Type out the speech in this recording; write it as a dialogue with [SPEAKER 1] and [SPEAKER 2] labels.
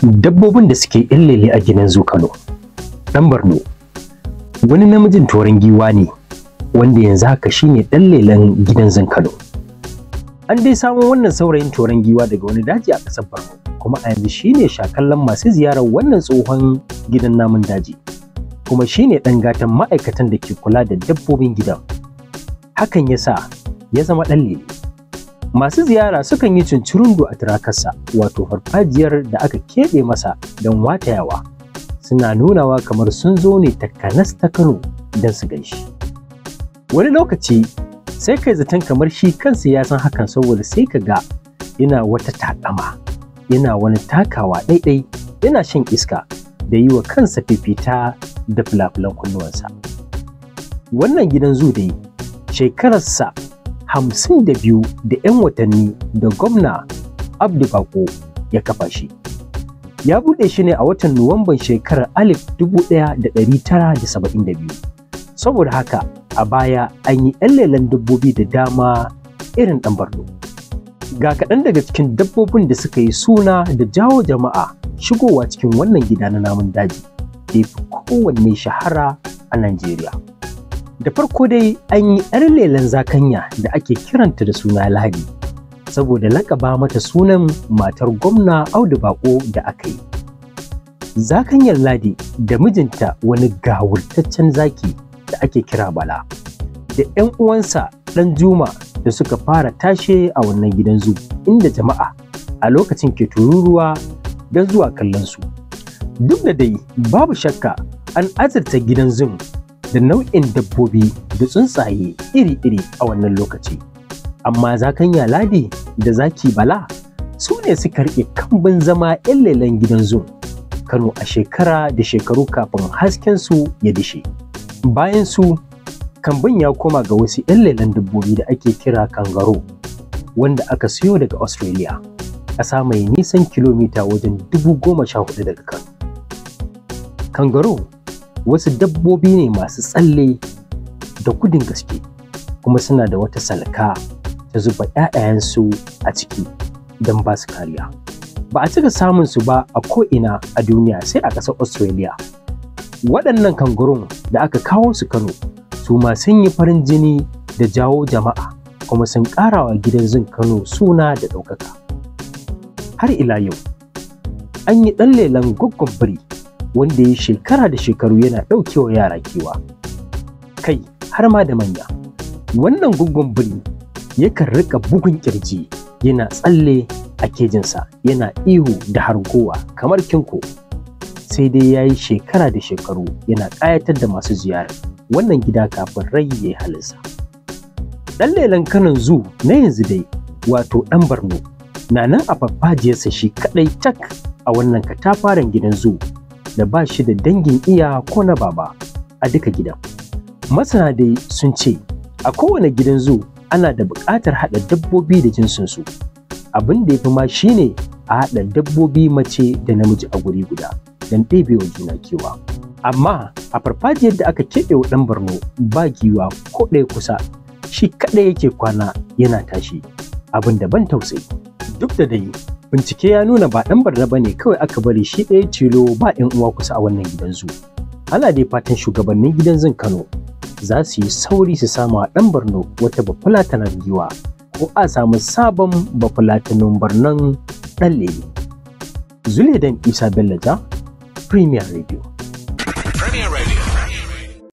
[SPEAKER 1] Dabbobin da suke illele a ginin Zokano, ɗan Barno, wani namijin toron giwa ne wanda yanzu haka shi ne ɗan lelen gidan Zankano. An dai samun wannan saurayin toron giwa daga wani daji a ƙasar Barno, kuma a yanzu shi ne shakallan masu ziyarar wannan tsohon gidan namun daji, kuma shi ne ɗan gatan ma'aikatan da ke kula da dabbobin gidan. Hakan ya sa ya zama ɗan lele. Masu ziyara sukan yi cincirundu a turakarsa wato farfajiyar da aka keɓe masa don watayawa. Suna nunawa kamar sun zo ne takanas ta Kano don su ganshi. Wani lokaci sai kai zaton kamar shi kansa ya san hakan saboda sai ka ga yana wata taƙama yana wani takawa ɗaiɗai, yana shan iska da yi wa kansa fifita da fulafulan kunnuwansa. Wannan gidan zu dai shekararsa hamsin da biyu da 'yan watanni da gwamna abdu ya kafa shi ya buɗe shi ne a watan nuwamban shekarar alif dubu da da tara saba'in 1972 saboda haka a baya an yi 'yan lelen dabbobi da dama irin ɗan barno ga kaɗan daga cikin dabbobin da suka yi suna da jawo jama'a shigowa cikin wannan gida na namun daji da ya fi kowanne shahara a Najeriya. Da farko dai an yi 'yar lelen zakanya da ake kiranta da suna Ladi, saboda laƙaba mata sunan matar gwamna Audu Bako da aka yi. Zakanyar Ladi da mijinta wani gawurtaccen zaki da ake kira Bala, da 'yan uwansa ɗan Juma da suka fara tashe a wannan gidan zu inda jama'a a lokacin ke tururuwa don zuwa kallon su. Duk da dai babu shakka an azurta gidan zum da nau'in dabbobi da tsuntsaye iri-iri a wannan lokaci. Amma zakanya ladi da zaki bala su ne suka riƙe kambin zama 'yan lelan gidan Zoom? Kano a shekara da shekaru kafin hasken su ya dishe. Bayan su, kambin ya koma ga wasu 'yan lelen dabbobi da ake kira kangaro wanda aka siyo daga Australia. ƙasa mai nisan kilomita wajen dubu goma sha hudu daga Kano. Kangaro wasu dabbobi ne masu tsalle da gudun gaske kuma suna da wata salka ta zuba 'ya'yayensu a ciki don ba su kariya ba a cika samun su ba a ko'ina a duniya sai a ƙasar australia waɗannan kangurun da aka kawo su kano su ma sun yi farin jini da jawo jama'a kuma sun ƙarawa gidan zin kano suna da ɗaukaka har ila yau an yi ɗan lelan gwaggon biri wanda ya shekara da shekaru yana ɗaukewa yara kewa kai har ma da manya wannan gungun biri yakan riƙa bugun ƙirji yana tsalle a kejinsa yana ihu da harkowa kamar kinko sai dai ya yi shekara da shekaru yana ƙayatar da masu ziyara wannan gida kafin rai ya yi halinsa ɗan lelen kanan zu na yanzu dai wato ɗan barno na nan a farfajiyarsa shi kaɗai tak a wannan katafaren gidan zoo. da ba shi da dangin iya ko na baba a duka gidan. Masana dai sun ce a kowane gidan zu ana da buƙatar haɗa dabbobi da jinsinsu. Abin da ya fi ma shi ne a haɗa dabbobi mace da namiji a guri guda don ɗebewa juna kewa. Amma a farfajiyar da aka keɓe wa ɗan Borno ba giwa ko ɗaya kusa shi kaɗai yake kwana yana tashi. abin da ban tausayi duk da dai bincike ya nuna ba ɗan barna ba ne kawai aka bari shi ɗaya tilo ba 'yan uwa kusa a wannan gidan zu ana dai fatan shugabannin gidan zan kano za su yi sauri su samu a ɗan barno wata ta giwa ko a samu sabon bafulatanin barnan ɗan lele zuledan isa bellaja premier radio